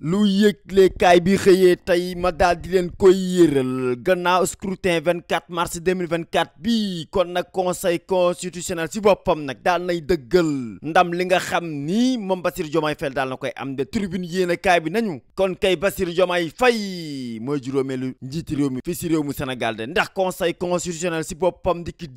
lu yëglekaay bi xëyee tey ma daal di leen koy yëral gannaaw scrutin 24 mars 2024 bi kon nag conseil constitutionnel si boppam nag daal nay dëggal ndam li nga xam nii moom Bassirou Diomaye Faye daal na koy am de tribune yéenekaay bi nañu kon kay Bassirou Diomaye Faye mooy juróomeelu njiiti réew mi fii si réew mu Sénégal de ndax conseil constitutionnel si boppam di ki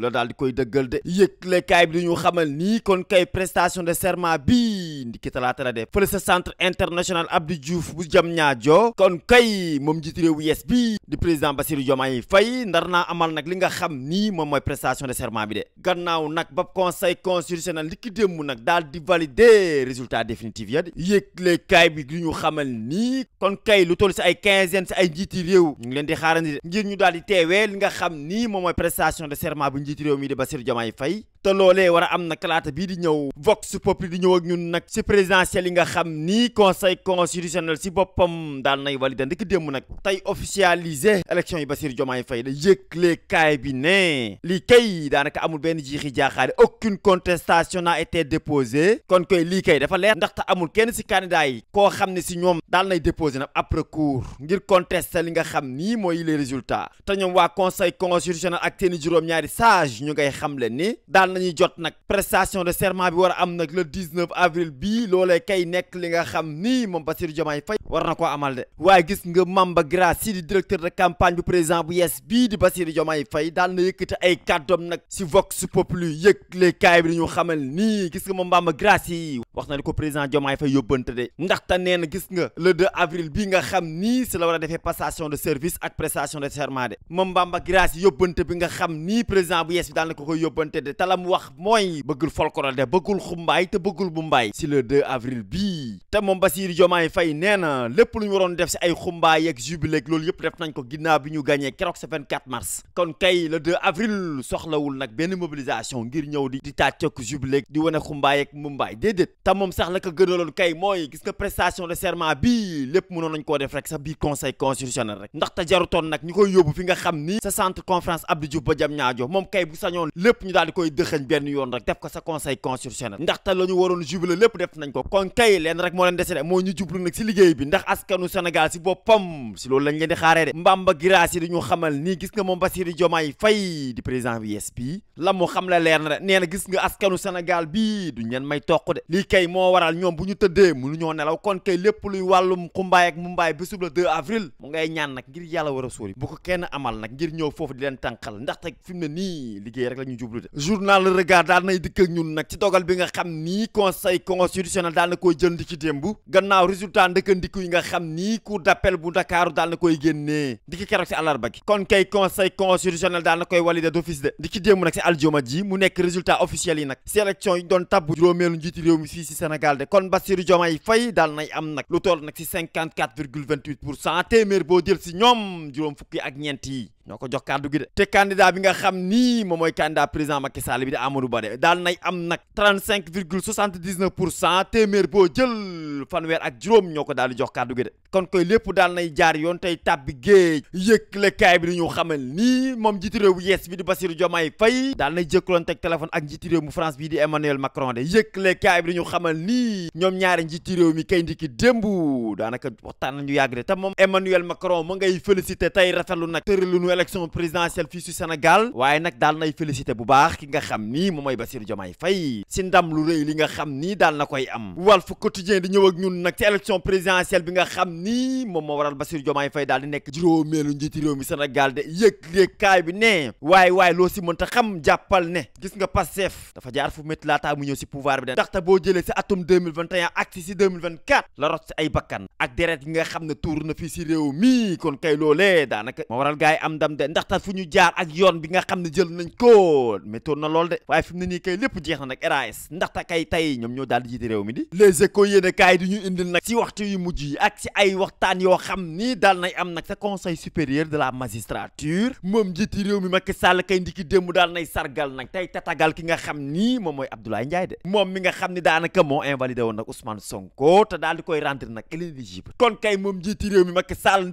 la daal di koy dëggal de yëglekaay bi dañu xamal nii kon kay prestation de serment bi ndiki talaata la de fële sa international Abdou Diouf bu jam ñaajo kon kay moom njiitu réew yees bi di président Bassirou Diomaye Faye ndar naa amal nag li nga xam nii moom mooy prestation de serment bi de gannaaw nag ba conseil constitutionnel li ki démb nag daal di valider résultat définitif ya yëgle kaay bi li ñu xamal nii kon kay lu toll si ay quinzaine si ay njiiti réew ñu ngi leen di xaarandi de ngir ñu daal di teewee li nga xam nii moom mooy prestation de serment bu njiitu réew mi di Bassirou Diomaye Faye te loolee war a am na talaata bii di ñëw vox populi di ñëw ak ñun nag si présidentielle li nga xam nii conseil constitutionnel si boppam daal nay validé ndiki démb nag tey officialisé élection yi Bassirou Diomaye Faye da yëgle kaay bi ne lii kay daanaka amul benn jiixi jaaxaare aucune contestation n'a été déposé kon koy lii kay dafa leer ndaxte amul kenn si candidat yi koo xam ne si ñoom daal nay déposé nag après recours ngir contester li nga xam nii mooy les résultats te ñoom waa conseil constitutionnel ak seeni juróom sage ñu ngay xamle ni fan la ñuy jot nag prestation de serment bi war am nag le 19 avril bii loolee kay nekk li nga xam ni moom Bassirou Diomaye Faye war na ko amal de waaye gis nga Mamba Grace si di directeur de campagne bu président bu yees bii di Bassirou Diomaye fay daal na yëkkati ay kàddoom nag si Vox Populi yëgle kaay bi ñu xamal nii gis nga moom Mamba Grace yi wax na li ko président Diomaye Faye yóbbante de ndaxte nee na gis nga le 2 avril bii nga xam nii si la war a defee passation de service ak prestation de serment de moom Mamba Grace yóbbante bi nga xam nii président bu yees bi daal na ko koy yóbbante de talam wax mooy bëggul folkoral de bëggul xumbaay te bëggul bu mbaay si le 2 avril bii te moom Bassirou Diomaye Faye nee na 1 lépp lu ñu waroon def si ay xumbaay yeeg jubilé loolu yëpp def nañ ko ginnaaw bi ñu gagné keroog sa 24 mars kon kay le 2 avril soxlawul nag benn mobilisation ngir ñëw di di tàcceeku jubilé di wane xumbaay yeeg mumbaay déedéet te moom sax la ko gënaloon kay mooy gis nga prestation de serment bii lépp mënoon nañ koo def rek sax bii conseil constitutionnel rek ndaxte jarutoon nag ñu koy yóbbu fi nga xam ni sa centre conférence Abdou Diouf ba jam ñaajo moom kay lépp ñu daal di koy dëxëñ benn yoon rek def ko sa conseil constitutionnel ndaxte la ñu waroon jubilé lépp def nañ ndax askanu Sénégal si boppam si loolu lañ leen di xaaree de Mbamba Giraas yi dañu xamal nii gis nga moom Bassirou Diomaye Faye di président bi yes bi la mu xam la leer na rek nee na gis nga askanu senegal bii du leen may toq de lii kay moo waral ñoom bu ñu tëddee mënuñoo nelaw kon kay lépp lu wàllum xumbaay ak mumbaay bésub la 2 avril mu ngay ñaan nag ngir yàlla war a sóori bu ko kenn amal nag ngir ñëw foofu di leen tànqal ndaxte fi mu ne nii liggéey rek ñu jublu de journal Le Regard daal nay dikk ak dogal bi nga xam ni conseil constitutionnel daal na koy jënd ci démb gannaaw sukkandiku yi nga xam ni cour d'appel bu Ndakaaru daal na koy génnee di ki keroog si àllarba gi kon kay conseil constitutionnel daal na koy validé d'office de di ki démb si aljuma ji mu nekk résultat officiel yi nag si élection yi doon tabbu juróomeelu njiiti réew mi fii si Sénégal de kon Bassirou Diomaye Faye daal nay am nag lu toll nag si 54 virgule 28 pour cent téeméer boo si ñoom juróom fukki ak ñeent yi ñoo ko jox kàddu gi de te candidat bi nga xam nii moom mooy candidat président Macky Sall bi di Amadou Ba de daal nay am nag trente cinq virgule soixante dix neuf pour cent téeméer boo jël fanweer ak juróom ñoo ko daal di jox kàddu gi de kon koy lépp daal nay jaar yoon tey tàbbi géej yëkkale kaay bi di ñu xamal nii moom njiitu réew bu yees bi di Bassirou Diomaye Faye daal nay jëkkaloon teg téléphone ak njiitu réew France bii di Emmanuel Macron de yëkkale kaay bi ñaari njiitu réew mi kay ndiki démb daanaka waxtaan nañu yàgg de te moom Emmanuel Macron mu ngay félicité tey élection présidentielle fii si Sénégal waaye nag daal nay félicité bu baax ki nga xam ni moom mooy Bassirou Diomaye Faye si ndam lu rëy li nga xam ni daal na koy am Walf Quotidien di ñëw ñun nag ci élection présidentielle bi nga xam ni moom moo waral Bassirou Diomaye Faye daal di nekk juróomeelu njiiti réew mi Sénégal de yëg yëg kaay bi ne waaye waaye loo si mënta xam jàppal ne gis nga Pastef dafa jaar fu métti laataa mu ñëw si pouvoir bi de itam de ndaxte fu ñu jaar ak yoon bi nga xam ne jël nañ ko méttoon na lool de waaye fi ne nii kay lépp jeex na nag RAS ndaxte kay tey ñoom ñoo daal di réew mi di les échos yéene kaay di ñu indil nag ci waxtu yu mujj yi sa conseil supérieur de la ki nga xam ni moom mooy Abdoulaye Ndiaye de mi nga xam ni daanaka moo invalidé woon nag Ousmane Sonko te daal di koy rendre nag inéligible kon kay moom njiiti réew mi Macky Sall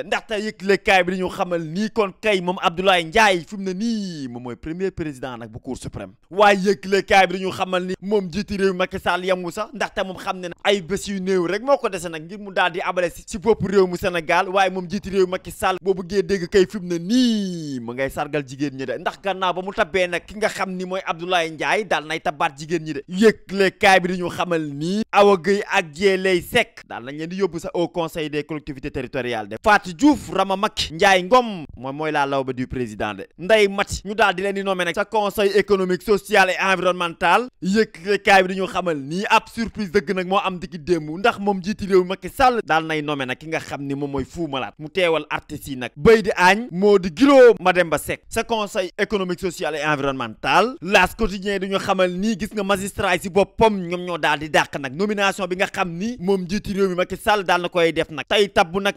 la ndaxte yëglekaay bi dañu xamal nii kon kay moom Abdoulaye Ndiaye fi mu ne nii moom mooy premier président nag bu cour suprême waaye yëglekaay bi dañu xamal ni moom jiiti réew Macky Sall yamu sax ndaxte moom xam ne ne ay bés yu néew rek moo ko dese nag ngir mu daal di abale si bopp réew mu Sénégal waaye moom jiiti réew Macky Sall boo bëggee dégg kay fi mu ne nii mu ngay sargal jigéen ñi de ndax gannaaw ba mu tabbee nag ki nga xam ni mooy Abdoulaye Ndiaye daal nay tabaat jigéen ñi de yëglekaay bi dañu xamal nii Awa Gueye ak Dieye Leye Seck daal nañ leen di yóbbu sax au conseil des collectivités territoriales de Fatou Diouf Rama Mack Ndiaye ngoom moom mooy laa law ba du président de Ndeye Mat ñu daal di leen di nommé nag sa conseil économique social et environnemental yëkkakaay bi dañoo xamal nii ab surprise dëgg nag moo am dikki démb ndax moom jiiti réew mi Macky Sall daal nay nommé nag ki nga xam ni moom mooy Fou Malade mu teewal artistes yi nag béy di aañ moo di giloo Mademba Seck sa conseil économique social et environnemental las quotidien dañoo xamal nii gis nga magistrat yi si boppam ñoom ñoo daal di dàq nag nomination bi nga xam ni moom jiiti réew mi Macky Sall daal na koy def nag tey tabbu nag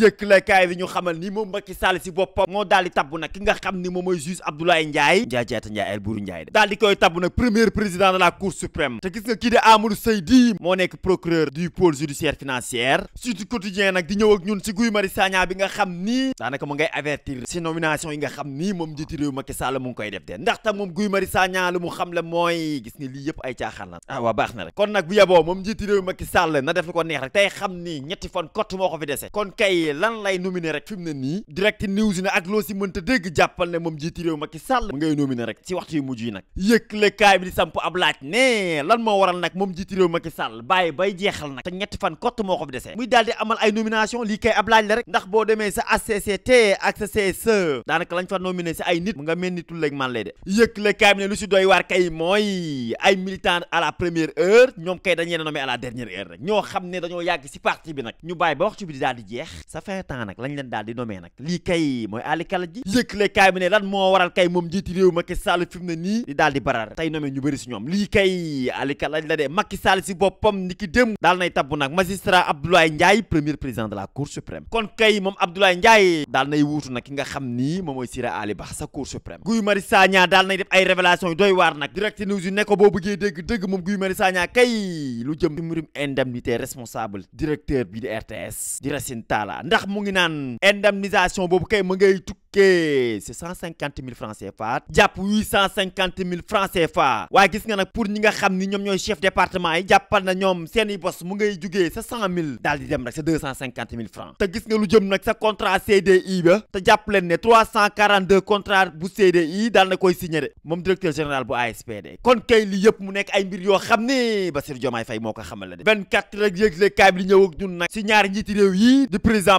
yëkkilekaay bi ñu xamal ni moom Macky saal si boppam moo daal di tabb nag ki nga xam ni moom mooy juge Abdoulaye Ndiaye Ndiaye Jaata Ndiaye El Bourou Ndiaye daal di koy tabb nag premier président de la cour suprême te gis nga kii di Amadou Seydi moo nekk procureur du pôle judiciaire financier surtout quotidien nag di ñëw ak ñun si Guy mari Sagna bi nga xam ni daanaka mu ngay avertir si nomination yi nga xam nii moom njiiti réew Macky Sall mu ngi koy def de ndaxte moom Guy Marius Sagna lu mu xam le mooy gis nga lii yëpp ay caaxaan la ah baax na rek kon nag bu yeboo moom njiiti réew Macky Sall na def lu ko neex tey xam ni ñetti fan kott moo ko fi yi lan lay nominé rek fi mu ne nii direct news ne ak loo si mënta dégg jàppal ne moom jiiti réew Macky Sall mu ngay nominé rek si waxtu yu mujj yi nag yëkkale kaay bi ne bay jeexal nag te ñetti fan kott moo ko fi desee muy daal di amal ay nomination boo demee sa HCCT ak sa CSE daanaka lañ ay nit nga mel ni tulleeg man de yëkkale kaay bi ne lu si doy waar kay mooy ay militants à la première heure ñoom kay dañu leen nommé à la dernière heure rek ñoo xam ne dañoo yàgg si parti bi nag ñu bàyyi ba waxtu bi di daal jeex safetaan nag lañ leen daal di nomee nag lii kay mooy Aly Kala ji yëkkale kaay bi ne lan moo waral kay moom njiiti réew Macky Sall fi mu ne nii di daal di barar tey nomee ñu bëri si ñoom lii kay Aly Kala la de Macky Sall si boppam ni ki dem daal nay tabb nag magistrat Abdoulaye Ndiaye premier président de la cour suprême kon kay moom Abdoulaye Ndiaye daal nay wuutu nag ki nga xam nii moom mooy Sira Ali Ba sa cour suprême Guy Marius Sagna daal nay def ay révélation yu doy waar direct news ne ko boo bëggee dégg dëgg moom Guy Marius Sagna kay jëm ci mbirum indemnité responsable bi de RTS di Racine Talla ndax mu ngi naan indemnisation boobu kay mu ngay tukki c'est cent cinquante mille francs CFA jàpp huit cent cinquante mille francs CFA waaye gis nga nag pour ñi nga xam ni ñoom ñooy chef département yi jàppal na ñoom seen i bos mu ngay jugee sa cent mille daal di dem rek sa deux cent cinquante mille francs te gis nga lu jëm nag sa contrat CDI ba te jàpp leen ne contrat bu CDI daal na koy signé de moom directeur général bu ASPD kon kay li yëpp mu nekk ay mbir yoo xam ni Bassirou Diomaye Faye moo ko xamal la de vingt quatre rek yëgle kaay bi li ñëw ak nag si ñaari njiiti réew yi di président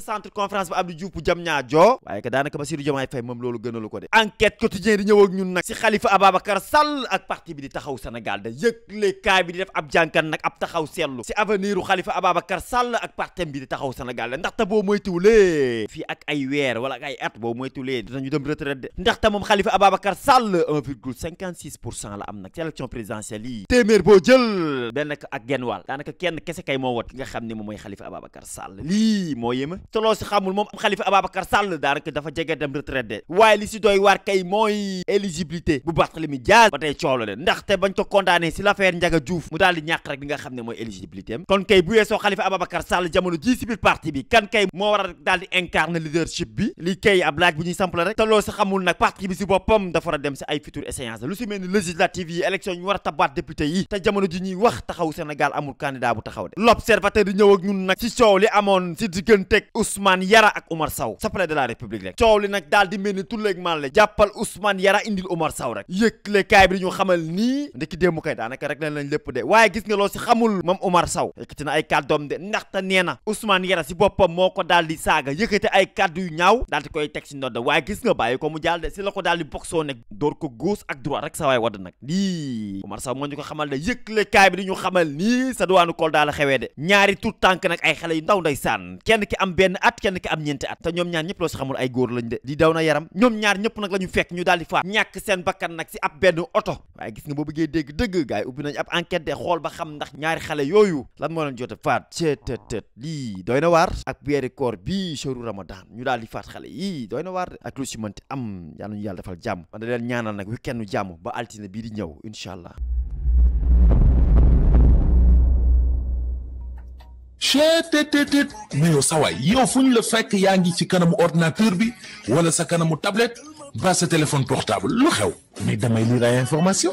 nekk centre conférence bu Abdou Diouf bu jam ñaa joo waaye que daanaka Bassirou Diomaye Faye moom loolu gënalu ko de enquête quotidien di ñëw ak ñun nag si Khalifa Ababacar Sall ak parti bi di taxaw Sénégal da yëgle kaay bi di def ab jànkan nag ab taxaw seetlu si avenir u Khalifa Ababacar Sall ak parti bi di taxaw Sénégal da ndaxte boo moytuwulee fii ak ay weer wala ay at boo moytuwulee dinañu dem retraite de ndaxte moom Khalifa Ababacar Sall 1,56 pour cent la am nag si élection présidentielle yi téeméer boo jël benn ak genn wàll daanaka kenn kese kay moo wot ki nga xam ne moom mooy Khalifa Ababacar Sall lii moo yéema te loo si xamul moom Khalifa Ababacar Sall daanaka dafa jege dem retraite de waaye li si doy waar kay mooy éligibilité bu Barthélémy Dias ba tey coolo leen ndaxte bañ ko condamné si l'affaire Ndiaga Diouf mu daal di ñàkk rek li nga xam ne mooy éligibilité am kon kay bu yeesoo Khalifa Ababacar Sall jamono ji si biir parti bi kan kay moo war a daal di incarner leadership bi li kay ab laaj bu ñuy samp rek te loo si xamul nag parti bi si boppam dafa a dem si ay future échéances lu si mel ni législative yi élection ñu war a tabaat député yi te jamono ji ñuy wax taxaw Sénégal amul candidat bu taxaw de l'observateur di ñëw ak Ousmane Yara ak saw sa sapale de la République rek coow li nag daal di mel ni tulleeg man la jàppal Ousmane Yara indil Omar Sow rek yëkkale kaay bi ñu xamal nii ndiki démb kay daanaka rek lañ lañ lépp de waaye gis nga si xamul moom Omar Sow yëkkati na nee na Ousmane Yara si boppam moo ko daal di saaga yëkkati ay kàddu yu ñaaw daal di koy teg si ndodd waaye gis nga bàyyi ko mu jaal si la ko daal di boxoo nekk door ko gauche ak droit rek sa waay wadd nag lii Omar Sow moo ñu ko xamal de yëkkale kaay bi di ñu xamal nii sa duwaanu Kolda la xewee de ñaari tout tànk nag ay xale yu ndaw nday saan kenn ki am benn at kenn ki am ñeenti at te ñoom ñaar ñëpp loo si xamul ay góor lañ de di daw na yaram ñoom ñaar ñëpp nag la ñu fekk ñu daal di faat ñàkk seen bakkan nag si ab benn oto waaye gis nga boo bëggee dégg dëgg gars yi ubbi nañ ab enquête de xool ba xam ndax ñaari xale yooyu lan moo leen jot a faat ceetëtët lii doy na waar ak weeri koor bii shahru ramadan ñu daal di faat xale yii doy na waar de ak lu si mënti am yàlla ñu yàlla defal jàmm man na leen ñaanal nag week-end ba altine bii di ñëw incha allah cheet teet teet mais yow sawaay yow fu ñu la fekk yaa ngi ci kanamu ordinateur bi wala sa kanamu tablette ba sa téléphone portable lu xew mais damay lire ay information